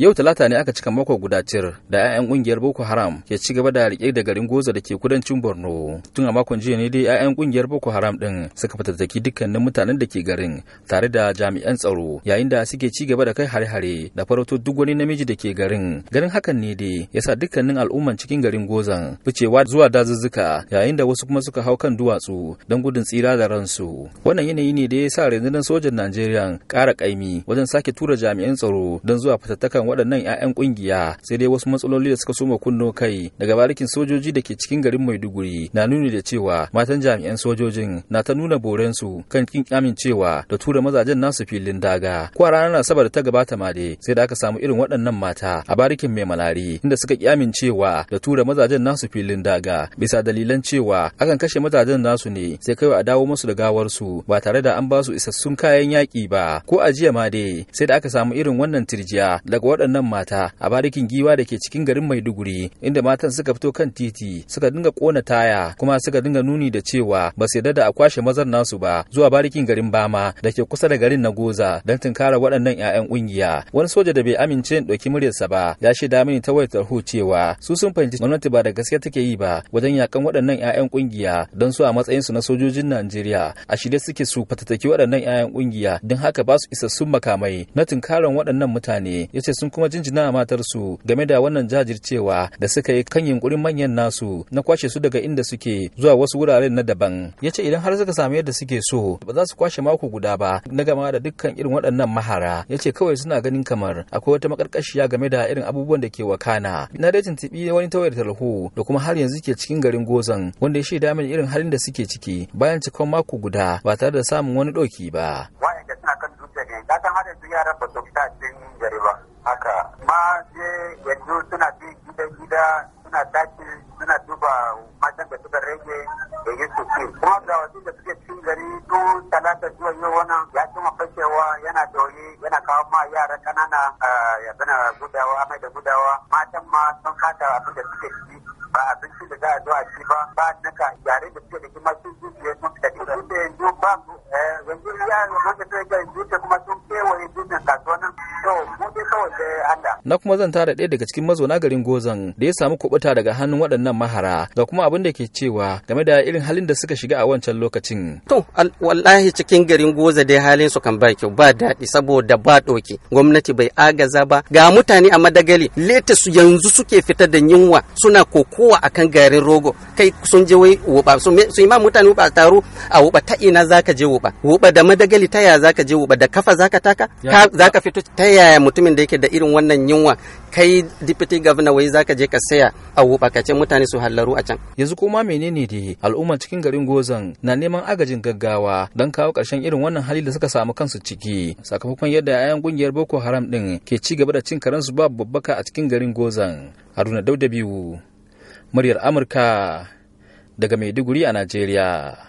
Yau talata ne aka cika mako guda cir da 'ya'yan kungiyar Boko Haram ke ci gaba da rike da garin Goza da ke kudancin Borno. Tun a makon jiya ne dai 'ya'yan kungiyar Boko Haram din suka fatattaki dukkanin mutanen da ke garin tare da jami'an tsaro yayin da suke ci gaba da kai hare-hare da farauto duk wani namiji da ke garin. Garin hakan ne dai yasa dukkanin al'umman cikin garin Gozan ficewa zuwa dazuzzuka yayin da wasu kuma suka hau kan duwatsu don gudun tsira da ransu. Wannan yanayi ne da ya sa rundunar sojan Najeriya ƙara ƙaimi wajen sake tura jami'an tsaro don zuwa fatattakan waɗannan 'ya'yan ƙungiya sai dai wasu matsaloli da suka soma kunno kai daga barikin sojoji da ke cikin garin maiduguri na nuni da cewa matan jami'an sojojin na ta nuna borensu kan kin amincewa da tura mazajen nasu filin daga ko a ranar asabar ta gabata ma dai sai da aka samu irin waɗannan mata a barikin mai malari inda suka ki amincewa da tura mazajen nasu filin daga bisa dalilan cewa akan kashe mazajen nasu ne sai kawai a dawo musu da gawarsu ba tare da an ba su isassun kayan yaƙi ba ko a jiya ma dai sai da aka samu irin wannan tirjiya daga waɗannan mata a barikin giwa da ke cikin garin Maiduguri inda matan suka fito kan titi suka dinga kona taya kuma suka dinga nuni da cewa ba su yarda da a kwashe mazan nasu ba zuwa barikin garin Bama da ke kusa da garin Nagoza don tunkara waɗannan 'ya'yan ƙungiya wani soja da bai amince in ɗauki muryarsa ba ya shaida mini ta wayar tarho cewa su sun fahimci gwamnati ba da gaske take yi ba wajen yakan waɗannan 'ya'yan ƙungiya don su a matsayin su na sojojin Najeriya a shirye suke su fatattaki waɗannan 'ya'yan ƙungiya don haka ba su isassun makamai na tunkaran waɗannan mutane ya ce sun kuma jinjina matarsu game da wannan jajircewa da suka yi kan yunkurin manyan nasu na kwashe su daga inda suke zuwa wasu wuraren na daban ya ce idan har suka samu yadda suke so ba za su kwashe mako guda ba na gama da dukkan irin waɗannan mahara ya ce kawai suna ganin kamar akwai wata makarkashiya game da irin abubuwan da ke wakana na dai tuntuɓi wani tawayar talho da kuma har yanzu ke cikin garin gozan wanda ya shaida mini irin halin da suke ciki bayan cikon mako guda ba tare da samun wani ɗauki ba. Wa'anda suna kan dutse ne, ka san har yanzu yaran ba su fita cikin gari haka ma je yanzu suna bi gida gida suna daki, suna duba matan da suka rage da yi su ci kuma ga wasu da suke cikin gari tun talata zuwa yau wani ya cima fashewa yana doyi yana kawo ma yara kanana ya zana gudawa mai da gudawa matan ma sun kata abin da suke ci ba abincin da za a zo a ci ba ba naka yare da suke da kuma sun zuciya sun fita da yanzu ba eh, yanzu yaro wanda suke ga zuciya kuma sun kewaye zuciyar kasuwannin Na kuma zan tara ɗaya daga cikin mazauna garin Gozan da ya samu kubuta daga hannun waɗannan mahara ga kuma abin da ke cewa game da irin halin da suka shiga a wancan lokacin. To, wallahi cikin garin Goza dai halin su kan baki ba daɗi saboda ba ɗoki. Gwamnati bai agaza ba ga mutane a madagali leta su yanzu suke fita da yunwa suna kokowa akan garin rogo kai sun je wai wuɓa su ma mutane wuɓa taro a wuɓa ta ina zaka je wuɓa wuɓa da madagali ta ya zaka je wuɓa da kafa zaka taka zaka fito ta yaya mutumin da yake da irin wannan yunwa kai deputy governor wai zaka je ka saya a wubakacin mutane su hallaru a can yanzu kuma menene ne al'umma cikin garin gozan na neman agajin gaggawa don kawo ƙarshen irin wannan hali da suka samu kansu ciki sakamakon yadda 'ya'yan kungiyar boko haram din ke ci gaba da cin karensu babu babbaka a cikin garin gozan haruna dauda biyu muryar amurka daga maiduguri a najeriya